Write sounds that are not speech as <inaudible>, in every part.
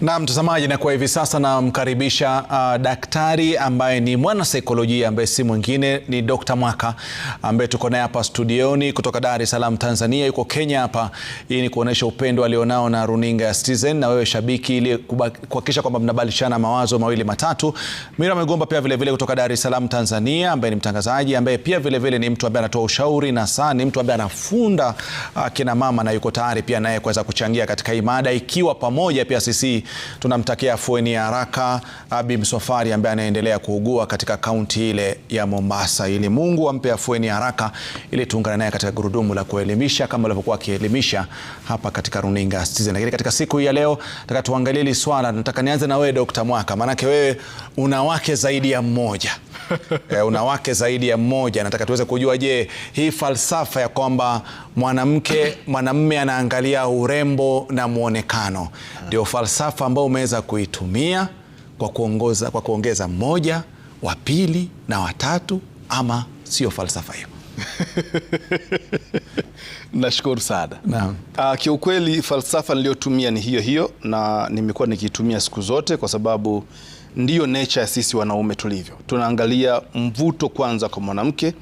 Na mtazamaji, na kwa hivi sasa namkaribisha uh, daktari ambaye ni mwanasaikolojia ambaye si mwingine ni Dr. Mwaka ambaye tuko naye hapa studioni kutoka Dar es Salaam Tanzania, yuko Kenya hapa. Hii ni kuonyesha upendo alionao na runinga ya Citizen na wewe shabiki, ili kuhakikisha kwamba mnabadilishana mawazo mawili matatu. Mira Migomba pia vilevile vile kutoka Dar es Salaam Tanzania, ambaye ni mtangazaji ambaye pia vilevile vile ni mtu ambaye anatoa ushauri na saa ni mtu ambaye anafunda uh, kina mama na yuko tayari pia naye kuweza kuchangia katika hii mada ikiwa pamoja pia sisi tunamtakia afueni ya haraka Abi msofari ambaye anaendelea kuugua katika kaunti ile ya Mombasa, ili Mungu ampe afueni ya haraka ili tuungane naye katika gurudumu la kuelimisha kama alivyokuwa akielimisha hapa katika runinga Citizen. Lakini katika siku hii ya leo nataka tuangalie hili swala, nataka nianze na wewe Dr. Mwaka, maanake wewe una wake zaidi ya mmoja. <laughs> eh, unawake zaidi ya mmoja. Nataka tuweze kujua, je, hii falsafa ya kwamba mwanamke mwanamme anaangalia urembo na mwonekano ndio falsafa ambayo umeweza kuitumia kwa kuongoza, kwa kuongeza mmoja wa pili na watatu, ama sio falsafa hiyo? <laughs> Nashukuru sana na. Uh, ah, kiukweli falsafa niliyotumia ni hiyo hiyo na nimekuwa nikiitumia siku zote kwa sababu ndiyo nature ya sisi wanaume tulivyo, tunaangalia mvuto kwanza kwa mwanamke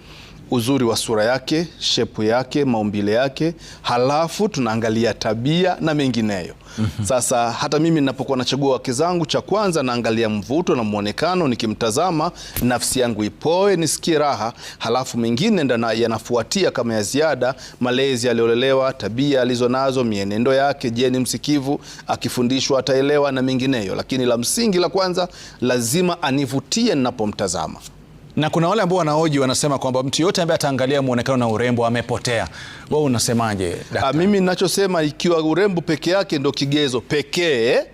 uzuri wa sura yake, shepu yake, maumbile yake, halafu tunaangalia tabia na mengineyo. Mm -hmm. Sasa hata mimi ninapokuwa nachagua wake zangu, cha kwanza naangalia mvuto na mwonekano, nikimtazama nafsi yangu ipoe, nisikie raha, halafu mengine ndo yanafuatia kama ya ziada: malezi aliolelewa, tabia alizo nazo mienendo yake, je, ni msikivu? Akifundishwa ataelewa na mengineyo, lakini la msingi la kwanza lazima anivutie ninapomtazama. Na kuna wale ambao wanaoji wanasema kwamba mtu yote ambaye ataangalia mwonekano na urembo amepotea. Wewe unasemaje ah, daktari? Mimi ninachosema ikiwa urembo peke yake ndo kigezo pekee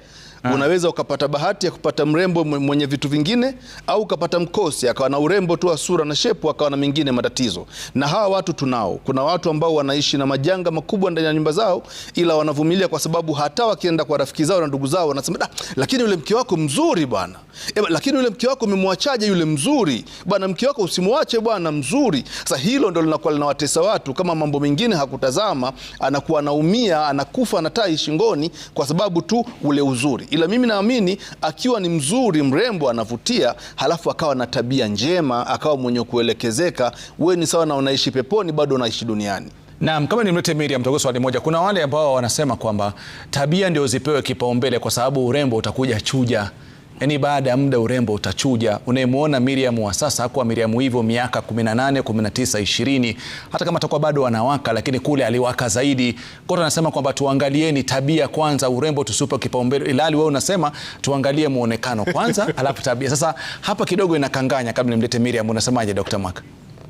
mm. Unaweza ukapata bahati ya kupata mrembo mwenye vitu vingine, au ukapata mkosi akawa na urembo tu wa sura na shepu, akawa na mengine matatizo. Na hawa watu tunao. Kuna watu ambao wanaishi na majanga makubwa ndani ya nyumba zao, ila wanavumilia kwa sababu hata wakienda kwa rafiki zao na ndugu zao wanasema da, lakini yule mke wako mzuri bwana, e, lakini yule mke wako umemwachaje? Yule mzuri bwana, mke wako usimwache bwana, mzuri. Sasa hilo ndio linakuwa linawatesa watu, kama mambo mengine hakutazama, anakuwa anaumia, anakufa na tai shingoni kwa sababu tu ule uzuri ila mimi naamini akiwa ni mzuri, mrembo, anavutia, halafu akawa na tabia njema, akawa mwenye kuelekezeka, wewe ni sawa na unaishi peponi, bado unaishi duniani. Naam, kama nimlete Miriam Togo swali moja. Kuna wale ambao wanasema kwamba tabia ndio zipewe kipaumbele kwa sababu urembo utakuja chuja yani baada ya muda urembo utachuja. Unayemwona Miriam wa sasa hakuwa Miriam hivyo miaka 18, 19, 20, hata kama atakuwa bado anawaka, lakini kule aliwaka zaidi. hiyo anasema kwamba tuangalieni tabia kwanza, urembo tusipe kipaumbele, ilali wewe unasema tuangalie muonekano kwanza <laughs> alafu tabia. Sasa hapa kidogo inakanganya. Kabla nimlete Miriam, unasemaje Dr. Mark?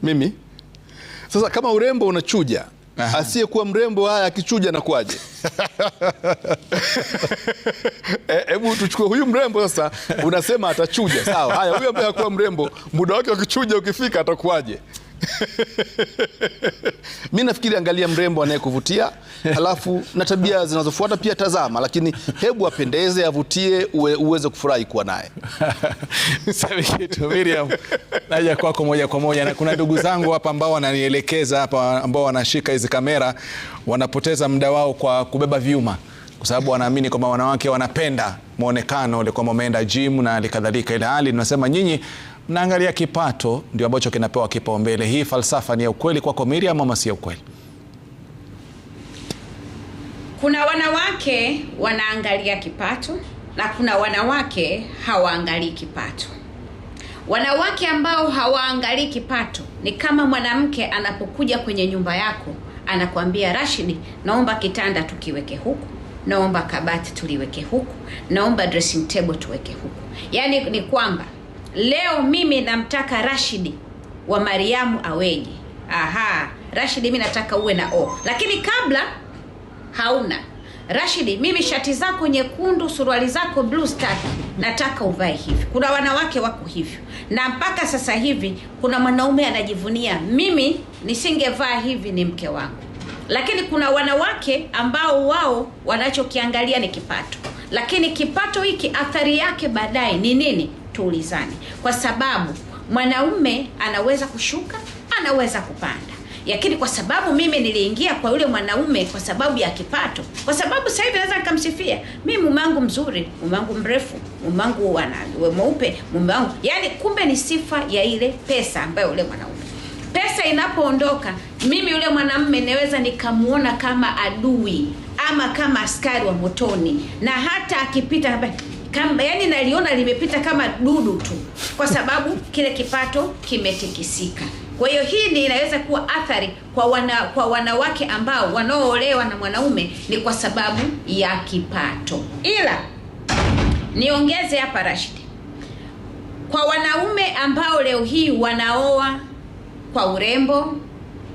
Mimi sasa kama urembo unachuja asiyekuwa mrembo haya akichuja na kuaje? <laughs> Eh, hebu tuchukue huyu mrembo sasa, unasema atachuja, sawa. Haya, huyu ambaye hakuwa mrembo, muda wake wa ukifika, atakuwaje? <laughs> mi nafikiri, angalia mrembo anayekuvutia alafu na tabia zinazofuata pia tazama, lakini hebu apendeze, avutie, uwe, uweze kufurahi kuwa naye. <laughs> Miriam, naja kwako moja kwa moja, na kuna ndugu zangu hapa ambao wananielekeza hapa, ambao wanashika hizi kamera wanapoteza muda wao kwa kubeba vyuma kwa sababu wanaamini kwamba wanawake wanapenda mwonekano ule, kwamba umeenda gym na alikadhalika, ila hali nasema nyinyi naangalia kipato ndio ambacho kinapewa kipaumbele. Hii falsafa ni ya ukweli kwako Miriam ama si ya ukweli? Kuna wanawake wanaangalia kipato na kuna wanawake hawaangalii kipato. Wanawake ambao hawaangalii kipato ni kama mwanamke anapokuja kwenye nyumba yako anakuambia, Rashidi, naomba kitanda tukiweke huku, naomba kabati tuliweke huku, naomba dressing table tuweke huku. Yaani ni kwamba leo mimi namtaka Rashidi wa Mariamu aweje? Aha, Rashidi, mimi nataka uwe na o, lakini kabla hauna Rashidi, mimi shati zako nyekundu, suruali zako blue star, nataka uvae hivi. Kuna wanawake wako hivyo, na mpaka sasa hivi kuna mwanaume anajivunia, mimi nisingevaa hivi, ni mke wangu. Lakini kuna wanawake ambao wao wanachokiangalia ni kipato, lakini kipato hiki athari yake baadaye ni nini? tuulizane, kwa sababu mwanaume anaweza kushuka, anaweza kupanda lakini kwa sababu mimi niliingia kwa yule mwanaume kwa sababu ya kipato, kwa sababu sasa hivi naweza nikamsifia mi mume wangu mzuri, mume wangu mrefu, mume wangu mweupe, mume wangu yani, kumbe ni sifa ya ile pesa ambayo yule mwanaume. Pesa inapoondoka, mimi yule mwanaume naweza nikamwona kama adui ama kama askari wa motoni, na hata akipita kama yani naliona limepita kama dudu tu, kwa sababu kile kipato kimetikisika. Kwa hiyo hii ni inaweza kuwa athari kwa wana, kwa wanawake ambao wanaoolewa na mwanaume ni kwa sababu ya kipato. Ila niongeze hapa Rashid, kwa wanaume ambao leo hii wanaoa kwa urembo,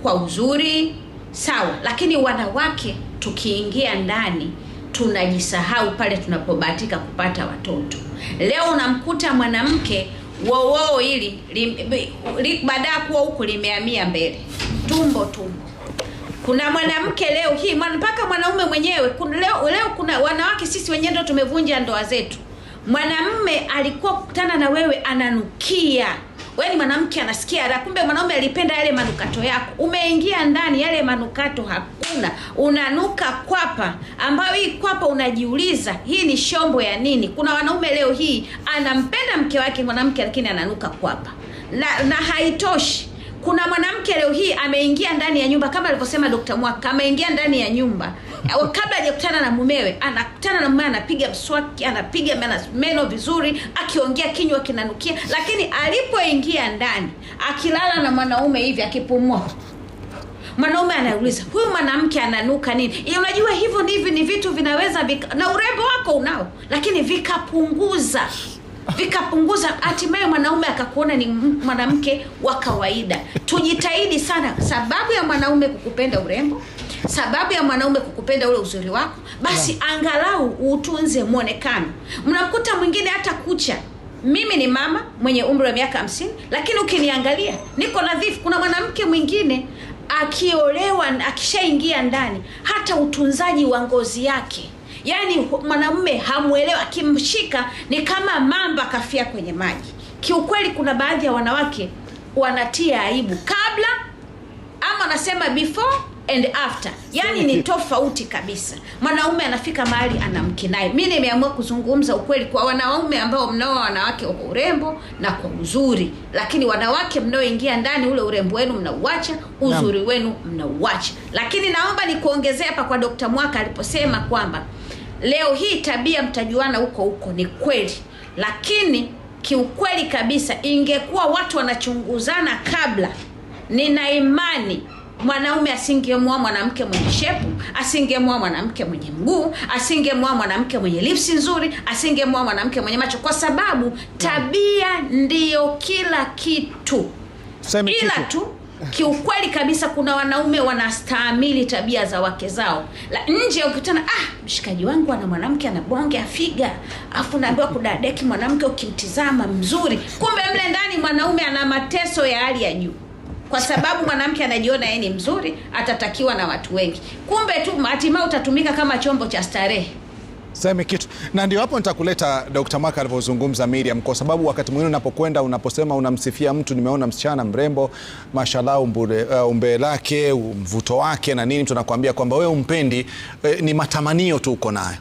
kwa uzuri, sawa, lakini wanawake tukiingia ndani tunajisahau pale tunapobahatika kupata watoto. Leo unamkuta mwanamke woowoo hili baada ya kuwa huku limehamia mbele tumbo tumbo. Kuna mwanamke leo hii mpaka mwanaume mwenyewe kuna, leo, leo kuna wanawake sisi wenyewe ndo tumevunja ndoa zetu. Mwanamume alikuwa kukutana na wewe ananukia wewe ni mwanamke anasikia raha, kumbe mwanaume alipenda yale manukato yako. Umeingia ndani, yale manukato hakuna, unanuka kwapa, ambayo hii kwapa unajiuliza hii ni shombo ya nini? Kuna wanaume leo hii anampenda mke wake mwanamke, lakini ananuka kwapa na, na haitoshi kuna mwanamke leo hii ameingia ndani ya nyumba kama alivyosema Dr. Mwaka, ameingia ndani ya nyumba kabla hajakutana na mumewe, anakutana na mumewe, anapiga mswaki, anapiga meno vizuri, akiongea kinywa kinanukia, lakini alipoingia ndani, akilala na mwanaume hivi, akipumua mwanaume anauliza huyu mwanamke ananuka nini? Ya, unajua hivyo ndivyo ni vitu vinaweza vika, na urembo wako unao, lakini vikapunguza vikapunguza, hatimaye mwanaume akakuona ni mwanamke wa kawaida. Tujitahidi sana, sababu ya mwanaume kukupenda urembo, sababu ya mwanaume kukupenda ule uzuri wako, basi angalau utunze mwonekano. mnakuta mwingine hata kucha mimi ni mama mwenye umri wa miaka hamsini, lakini ukiniangalia niko nadhifu. Kuna mwanamke mwingine akiolewa, akishaingia ndani, hata utunzaji wa ngozi yake yani mwanamume hamwelewa, akimshika ni kama mamba kafia kwenye maji. Kiukweli kuna baadhi ya wanawake wanatia aibu kabla, ama anasema before and after, yani ni tofauti kabisa. Mwanaume anafika mahali anamke naye. Mi nimeamua kuzungumza ukweli kwa wanaume ambao mnaoa wanawake kwa urembo na kwa uzuri, lakini wanawake mnaoingia ndani, ule urembo wenu mnauacha, uzuri wenu mnauacha. Lakini naomba nikuongezea hapa kwa Dokta Mwaka aliposema kwamba Leo hii tabia mtajuana huko huko, ni kweli, lakini kiukweli kabisa, ingekuwa watu wanachunguzana kabla, nina imani mwanaume asingemwa mwanamke mwenye shepu, asingemwa mwanamke mwenye mguu, asingemwa mwanamke mwenye lipsi nzuri, asingemwa mwanamke mwenye macho, kwa sababu tabia ndiyo kila kitu. Semi ila kitu. tu kiukweli kabisa kuna wanaume wanastahamili tabia za wake zao la nje ukikutana ah mshikaji wangu ana mwanamke ana bonge afiga afu naambiwa kudadeki mwanamke ukimtizama mzuri kumbe mle ndani mwanaume ana mateso ya hali ya juu kwa sababu mwanamke anajiona yeye ni mzuri atatakiwa na watu wengi kumbe tu hatimaye utatumika kama chombo cha starehe Sema kitu na ndio hapo nitakuleta Dr. Maka alivyozungumza Miriam, kwa sababu wakati mwingine unapokwenda unaposema unamsifia mtu, nimeona msichana mrembo, mashallah, uh, umbe lake mvuto wake na nini, mtu anakuambia kwamba wewe umpendi, eh, ni matamanio tu uko nayo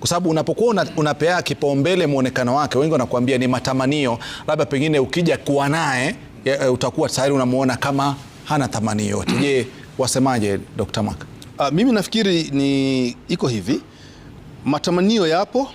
kwa sababu unapokuwa una, unapea kipaumbele mwonekano wake, wengi wanakuambia ni matamanio, labda pengine ukija kuwa naye e, utakuwa tayari unamuona kama hana thamani yote. Je, wasemaje Dr. Maka? Uh, mimi nafikiri ni iko hivi Matamanio yapo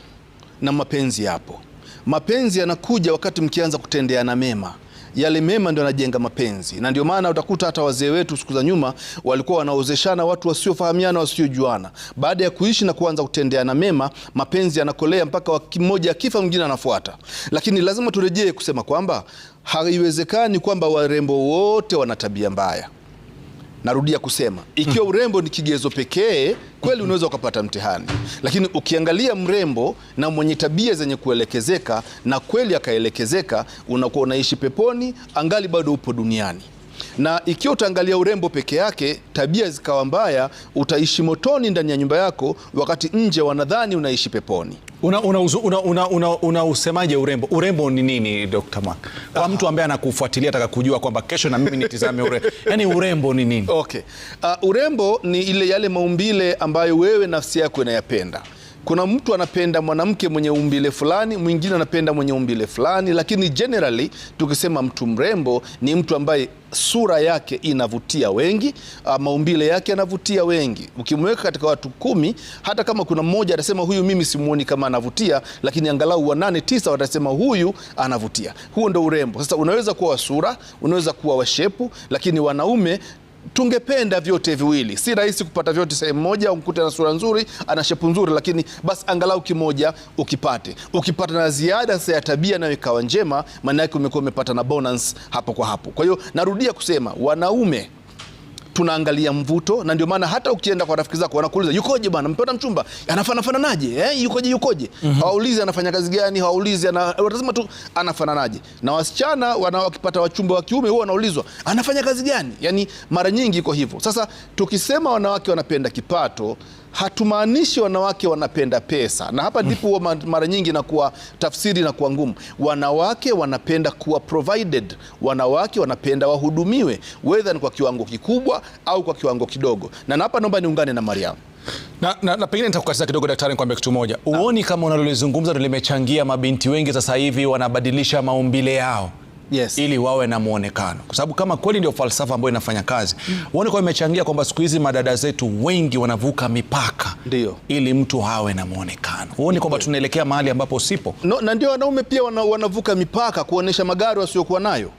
na mapenzi yapo. Mapenzi yanakuja wakati mkianza kutendeana mema yale mema ndio yanajenga mapenzi, na ndio maana utakuta hata wazee wetu siku za nyuma walikuwa wanaozeshana watu wasiofahamiana, wasiojuana. Baada ya kuishi na kuanza kutendeana mema, mapenzi yanakolea mpaka mmoja akifa mwingine anafuata. Lakini lazima turejee kusema kwamba haiwezekani kwamba warembo wote wana tabia mbaya. Narudia kusema ikiwa hmm. urembo ni kigezo pekee, kweli hmm. unaweza ukapata mtihani, lakini ukiangalia mrembo na mwenye tabia zenye kuelekezeka na kweli akaelekezeka, unakuwa unaishi peponi angali bado upo duniani na ikiwa utaangalia urembo peke yake, tabia zikawa mbaya, utaishi motoni ndani ya nyumba yako, wakati nje wanadhani unaishi peponi. Una, una, una, una, una, una usemaje urembo? Urembo ni nini Dr. Mark? Kwa mtu ambaye anakufuatilia ataka kujua kwamba kesho na mimi nitizame urembo. <laughs> Yaani urembo ni nini? Okay. Uh, urembo ni ile yale maumbile ambayo wewe nafsi yako inayapenda kuna mtu anapenda mwanamke mwenye umbile fulani, mwingine anapenda mwenye umbile fulani, lakini generally tukisema mtu mrembo ni mtu ambaye sura yake inavutia wengi, ah, maumbile yake yanavutia wengi. Ukimweka katika watu kumi, hata kama kuna mmoja atasema huyu mimi simuoni kama anavutia, lakini angalau wanane tisa watasema huyu anavutia. Huo ndo urembo. Sasa unaweza kuwa wa sura, unaweza kuwa washepu lakini wanaume tungependa vyote viwili. Si rahisi kupata vyote sehemu moja, umkute na sura nzuri, ana shepu nzuri, lakini basi angalau kimoja ukipate. Ukipata na ziada sasa ya tabia nayo ikawa njema, maana yake umekuwa umepata na bonus hapo kwa hapo. Kwa hiyo narudia kusema wanaume tunaangalia mvuto, na ndio maana hata ukienda kwa rafiki zako wanakuuliza yukoje bwana, mpenda mchumba anafananaje, eh, yukoje yukoje. mm -hmm. Hawaulizi anafanya kazi gani, hawaulizi ana, lazima tu anafananaje. Na wasichana wanaokipata wachumba wa kiume huwa wanaulizwa anafanya kazi gani, yani mara nyingi iko hivyo. Sasa tukisema wanawake wanapenda kipato hatumaanishi wanawake wanapenda pesa, na hapa ndipo mm. mara nyingi na kuwa tafsiri na kuwa ngumu. Wanawake wanapenda kuwa provided, wanawake wanapenda wahudumiwe, whether ni kwa kiwango kikubwa au kwa kiwango kidogo. Na hapa naomba niungane na Mariam na, na, na pengine nitakukatiza kidogo daktari, nikwambia kitu moja. Uoni kama unalolizungumza ndo limechangia mabinti wengi sasa hivi wanabadilisha maumbile yao yes. ili wawe na mwonekano, kwa sababu kama kweli ndio falsafa ambayo inafanya kazi mm. uone kwa imechangia kwamba siku hizi madada zetu wengi wanavuka mipaka ndio. ili mtu awe na mwonekano, uone kwamba tunaelekea mahali ambapo sipo no, na ndio wanaume pia wana, wanavuka mipaka kuonesha magari wasiokuwa nayo,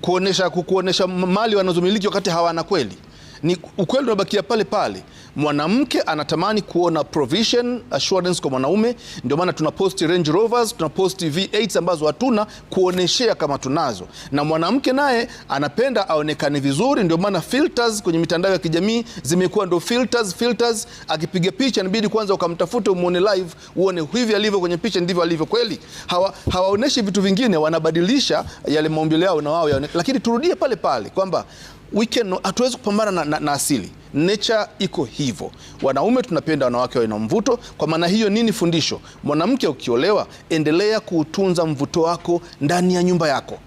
kuonesha kuonesha mali wanazomiliki wakati hawana kweli ni ukweli unabakia pale pale. Mwanamke anatamani kuona provision assurance kwa mwanaume, ndio maana tuna posti Range Rovers, tuna V8 ambazo hatuna kuoneshea kama tunazo, na mwanamke naye anapenda aonekane vizuri, ndio maana filters kwenye mitandao ya kijamii zimekuwa ndio filters, filters. Akipiga picha inabidi kwanza ukamtafute umuone live, uone hivi alivyo kwenye picha ndivyo alivyo kweli. Hawa, hawaoneshi vitu vingine, wanabadilisha yale maumbile yao na wao yaone, lakini turudie pale pale kwamba we hatuwezi kupambana na, na, na asili nature iko hivyo. Wanaume tunapenda wanawake wawe na mvuto. Kwa maana hiyo, nini fundisho? Mwanamke ukiolewa, endelea kuutunza mvuto wako ndani ya nyumba yako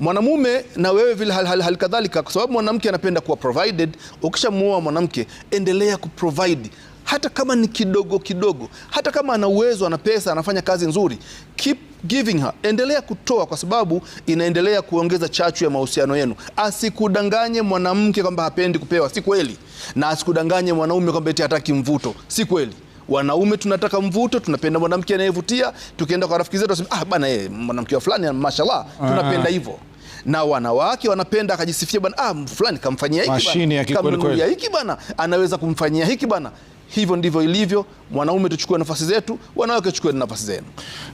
mwanamume na wewe vile hal, hal, hal kadhalika, kwa sababu mwanamke anapenda kuwa provided. Ukishamuoa mwanamke, endelea kuprovide hata kama ni kidogo kidogo, hata kama ana uwezo, ana pesa, anafanya kazi nzuri, keep giving her, endelea kutoa, kwa sababu inaendelea kuongeza chachu ya mahusiano yenu. Asikudanganye mwanamke kwamba hapendi kupewa, si kweli, na asikudanganye mwanaume kwamba eti hataki mvuto, si kweli. Wanaume tunataka mvuto, tunapenda mwanamke anayevutia. Tukienda kwa rafiki zetu wasema, ah bana, yeye eh, mwanamke wa fulani, mashallah, tunapenda ah. hivyo na wanawake wanapenda akajisifia bwana, ah, fulani kamfanyia hiki bwana, kamnunulia hiki bwana, anaweza kumfanyia hiki bwana hivyo ndivyo ilivyo. Mwanaume tuchukue nafasi zetu, wanawake chukue nafasi zenu.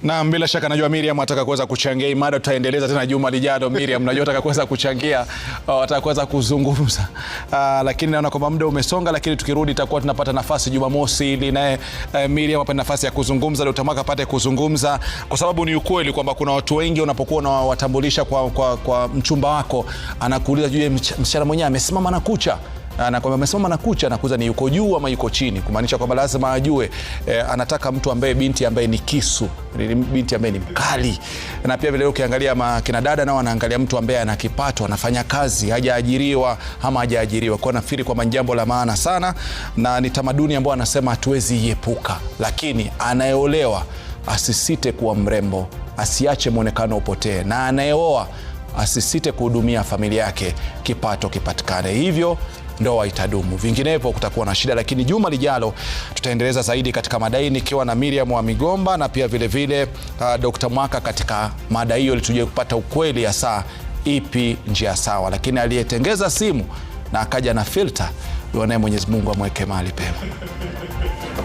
Na bila shaka najua Miriam ataka kuweza kuchangia mada, tutaendeleza tena juma lijalo. Miriam najua ataka kuweza kuchangia, uh, ataka kuweza kuzungumza Aa, uh, lakini naona kwamba muda umesonga, lakini tukirudi itakuwa tunapata nafasi Jumamosi ili naye eh, Miriam apate nafasi ya kuzungumza, Dr. Mwaka apate kuzungumza, kwa sababu ni ukweli kwamba kuna watu wengi unapokuwa unawatambulisha kwa, kwa, kwa mchumba wako anakuuliza juu msichana mwenyewe amesimama na kucha anakwambia ah, amesoma na kucha, anakuza ni yuko juu ama yuko chini, kumaanisha kwamba lazima ajue e, anataka mtu ambaye binti ambaye ni kisu, binti ambaye ni mkali. Na pia vile ukiangalia kina dada nao anaangalia mtu ambaye ana kipato, anafanya kazi, hajaajiriwa ama hajaajiriwa. Kwa nafikiri kwamba ni jambo la maana sana, na ni tamaduni ambayo anasema hatuwezi iepuka, lakini anayeolewa asisite kuwa mrembo, asiache mwonekano upotee, na anayeoa asisite kuhudumia familia yake, kipato kipatikane. Hivyo ndoa itadumu, vinginevyo kutakuwa na shida. Lakini juma lijalo tutaendeleza zaidi katika madai nikiwa na Miriam wa Migomba na pia vilevile uh, Dr. Mwaka katika mada hiyo ili kupata ukweli saa ipi njia sawa, lakini aliyetengeza simu na akaja na filter, uonaye Mwenyezi Mungu amweke mahali pema.